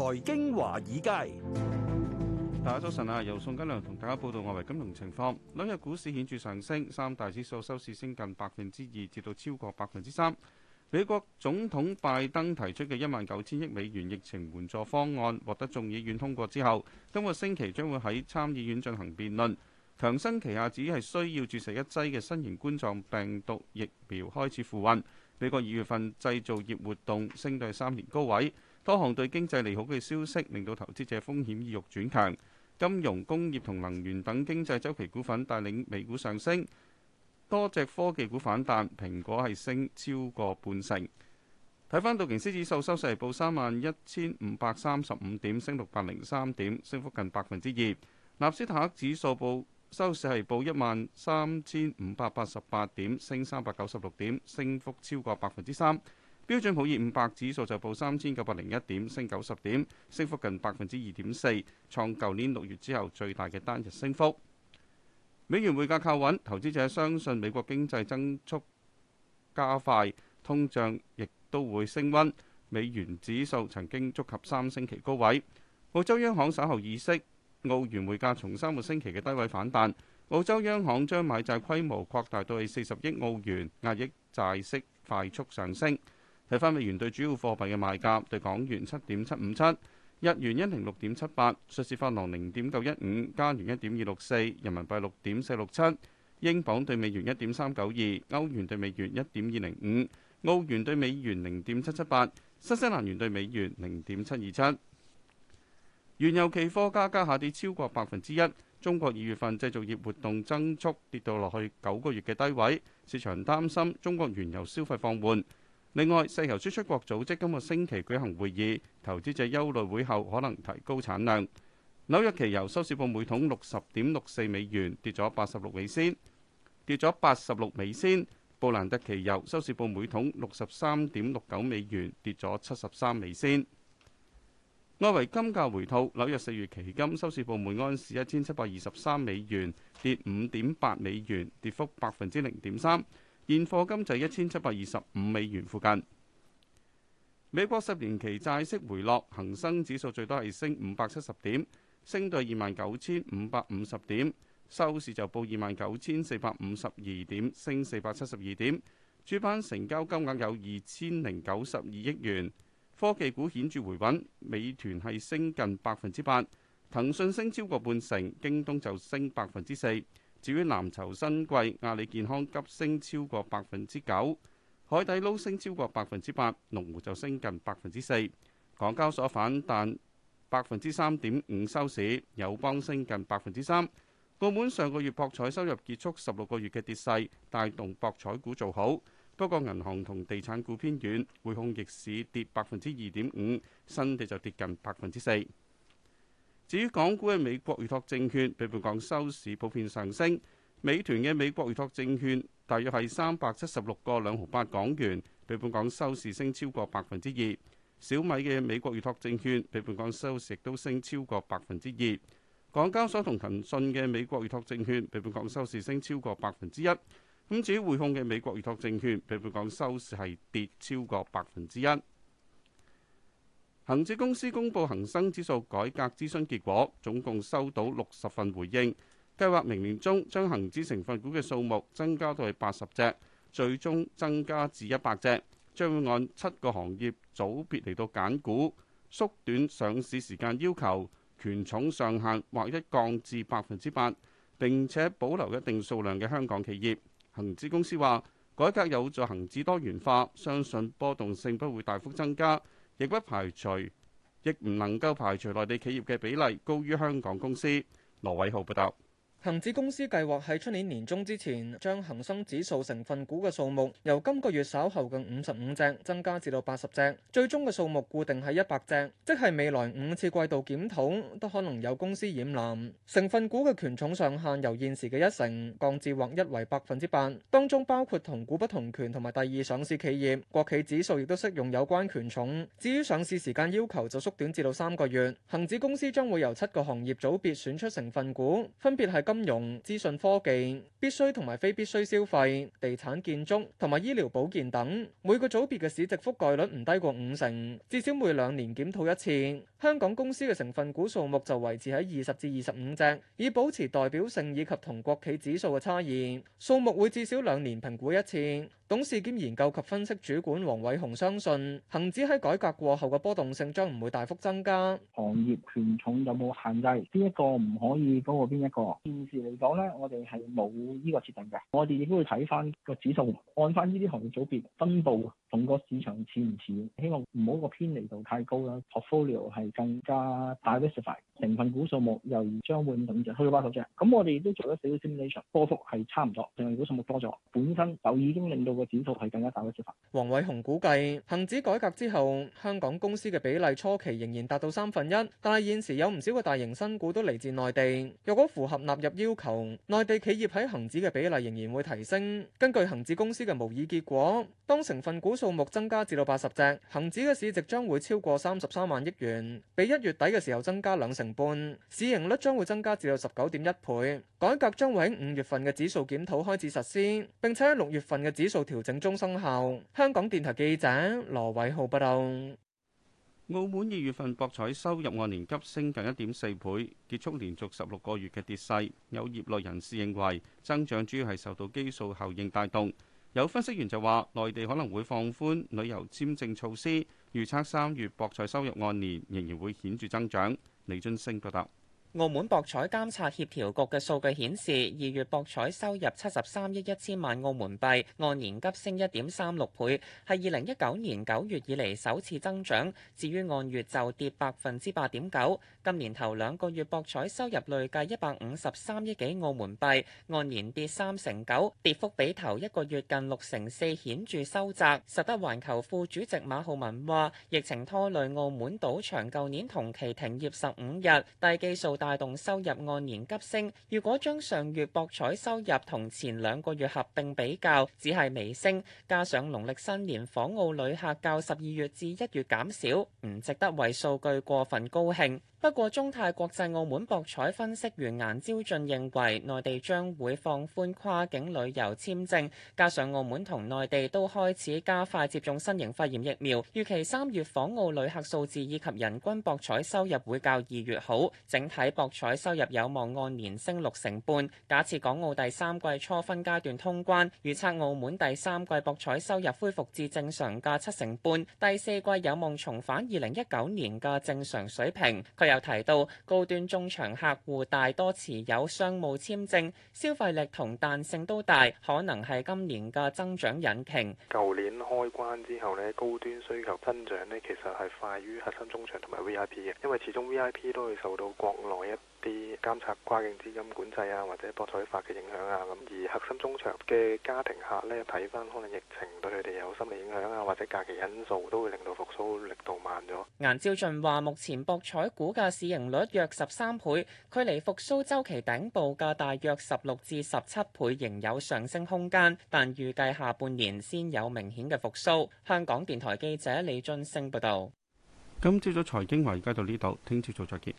財經華爾街，大家早晨啊！由宋嘉良同大家報道外圍金融情況。兩日股市顯著上升，三大指數收市升近百分之二，至到超過百分之三。美國總統拜登提出嘅一萬九千億美元疫情援助方案獲得眾議院通過之後，今個星期將會喺參議院進行辯論。強生旗下只係需要注射一劑嘅新型冠狀病毒疫苗開始復運。美國二月份製造業活動升到三年高位。多項對經濟利好嘅消息，令到投資者風險意欲轉強。金融、工業同能源等經濟周期股份帶領美股上升，多隻科技股反彈，蘋果係升超過半成。睇翻道瓊斯指數收市係報三萬一千五百三十五點，升六百零三點，升幅近百分之二。納斯達克指數報收市係報一萬三千五百八十八點，升三百九十六點，升幅超過百分之三。標準普爾五百指數就報三千九百零一點，升九十點，升幅近百分之二點四，創舊年六月之後最大嘅單日升幅。美元匯價靠穩，投資者相信美國經濟增速加快，通脹亦都會升溫。美元指數曾經觸及三星期高位。澳洲央行稍後意識，澳元匯價從三個星期嘅低位反彈，澳洲央行將買債規模擴大到四十億澳元，壓抑債息快速上升。睇翻美元對主要貨幣嘅賣價，對港元七點七五七，日元一零六點七八，瑞士法郎零點九一五，加元一點二六四，人民幣六點四六七，英鎊對美元一點三九二，歐元對美元一點二零五，澳元對美元零點七七八，新西蘭元對美元零點七二七。原油期貨價格下跌超過百分之一。中國二月份製造業活動增速跌到落去九個月嘅低位，市場擔心中國原油消費放緩。另外，石油輸出國組織今個星期舉行會議，投資者憂慮會後可能提高產量。紐約期油收市報每桶六十點六四美元，跌咗八十六美仙；跌咗八十六美仙。布蘭特期油收市報每桶六十三點六九美元，跌咗七十三美仙。外圍金價回吐，紐約四月期金收市報每安士一千七百二十三美元，跌五點八美元，跌幅百分之零點三。現貨金就一千七百二十五美元附近。美國十年期債息回落，恒生指數最多係升五百七十點，升到二萬九千五百五十點。收市就報二萬九千四百五十二點，升四百七十二點。主板成交金額有二千零九十二億元。科技股顯著回穩，美團係升近百分之八，騰訊升超過半成，京東就升百分之四。至於藍籌新貴，阿里健康急升超過百分之九，海底撈升超過百分之八，龍湖就升近百分之四。港交所反彈百分之三點五收市，友邦升近百分之三。澳門上個月博彩收入結束十六個月嘅跌勢，帶動博彩股做好。不過銀行同地產股偏軟，匯控逆市跌百分之二點五，新地就跌近百分之四。至於港股嘅美國預託證券，比本港收市普遍上升。美團嘅美國預託證券大約係三百七十六個兩毫八港元，比本港收市升超過百分之二。小米嘅美國預託證券比本港收市亦都升超過百分之二。港交所同騰訊嘅美國預託證券比本港收市升超過百分之一。咁至於匯控嘅美國預託證券比本港收市係跌超過百分之一。恒指公司公布恒生指數改革諮詢結果，總共收到六十份回應，計劃明年中將恒指成分股嘅數目增加到係八十隻，最終增加至一百隻，將會按七個行業組別嚟到揀股，縮短上市時間要求，權重上限或一降至百分之八，並且保留一定數量嘅香港企業，恒指公司話改革有助恆指多元化，相信波動性不會大幅增加。亦不排除，亦唔能夠排除內地企業嘅比例高於香港公司。羅偉浩報道。恒指公司計劃喺出年年中之前，將恒生指數成分股嘅數目由今個月稍後嘅五十五隻增加至到八十隻，最終嘅數目固定喺一百隻，即係未來五次季度檢討都可能有公司染藍。成分股嘅權重上限由現時嘅一成降至劃一為百分之八，當中包括同股不同權同埋第二上市企業，國企指數亦都適用有關權重。至於上市時間要求就縮短至到三個月，恒指公司將會由七個行業組別選出成分股，分別係，金融、資訊科技、必須同埋非必須消費、地產建築同埋醫療保健等，每個組別嘅市值覆蓋率唔低過五成，至少每兩年檢討一次。香港公司嘅成分股數目就維持喺二十至二十五隻，以保持代表性以及同國企指數嘅差異。數目會至少兩年評估一次。董事兼研究及分析主管王偉雄相信，恒指喺改革過後嘅波動性將唔會大幅增加。行業權重有冇限制？邊一個唔可以高過邊一個？現時嚟講咧，我哋係冇呢個設定嘅。我哋亦都會睇翻個指數，按翻呢啲行業組別分佈，同個市場似唔似？希望唔好個偏離度太高啦。Portfolio 係。更加大 diversify 成分股數目，由於將會五十五隻，到八十隻，咁我哋都做咗少少 simulation，波幅係差唔多，成份股數目多咗，本身就已經令到個指數係更加大 diversify。黃偉雄估計，恒指改革之後，香港公司嘅比例初期仍然達到三分一，但係現時有唔少嘅大型新股都嚟自內地。若果符合納入要求，內地企業喺恒指嘅比例仍然會提升。根據恒指公司嘅模擬結果，當成分股數目增加至到八十隻，恒指嘅市值將會超過三十三萬億元。比一月底嘅時候增加兩成半，市盈率將會增加至到十九點一倍。改革將會喺五月份嘅指數檢討開始實施，並且喺六月份嘅指數調整中生效。香港電台記者羅偉浩報道。澳門二月份博彩收入按年急升近一點四倍，結束連續十六個月嘅跌勢。有業內人士認為，增長主要係受到基數效應帶動。有分析員就話，內地可能會放寬旅遊簽證措施。預測三月博彩收入按年仍然會顯著增長。李津升報道，澳門博彩監察協調局嘅數據顯示，二月博彩收入七十三億一千萬澳門幣，按年急升一點三六倍，係二零一九年九月以嚟首次增長。至於按月就跌百分之八點九。今年頭兩個月博彩收入累計一百五十三億幾澳門幣，按年跌三成九，跌幅比頭一個月近六成四，顯著收窄。實德環球副主席馬浩文話：疫情拖累澳門賭場，舊年同期停業十五日，大基數帶動收入按年急升。如果將上月博彩收入同前兩個月合並比較，只係微升，加上農曆新年訪澳旅客較十二月至一月減少，唔值得為數據過分高興。不過，中泰國際澳門博彩分析員顏朝俊認為，內地將會放寬跨境旅遊簽證，加上澳門同內地都開始加快接種新型肺炎疫苗，預期三月訪澳旅客數字以及人均博彩收入會較二月好，整體博彩收入有望按年升六成半。假設港澳第三季初分階段通關，預測澳門第三季博彩收入恢復至正常嘅七成半，第四季有望重返二零一九年嘅正常水平。又提到高端中場客戶大多持有商務簽證，消費力同彈性都大，可能係今年嘅增長引擎。舊年開關之後咧，高端需求增長咧，其實係快於核心中場同埋 VIP 嘅，因為始終 VIP 都會受到國內一啲監察、跨境資金管制啊，或者博彩法嘅影響啊。咁而核心中場嘅家庭客咧，睇翻可能疫情對佢哋有心理影響啊，或者假期因素都會令到復甦力度慢咗。顏照俊話：目前博彩股嘅市盈率約十三倍，距離復蘇週期頂部嘅大約十六至十七倍仍有上升空間，但預計下半年先有明顯嘅復蘇。香港電台記者李津升報道。今朝早財經華爾街到呢度，聽朝早再見。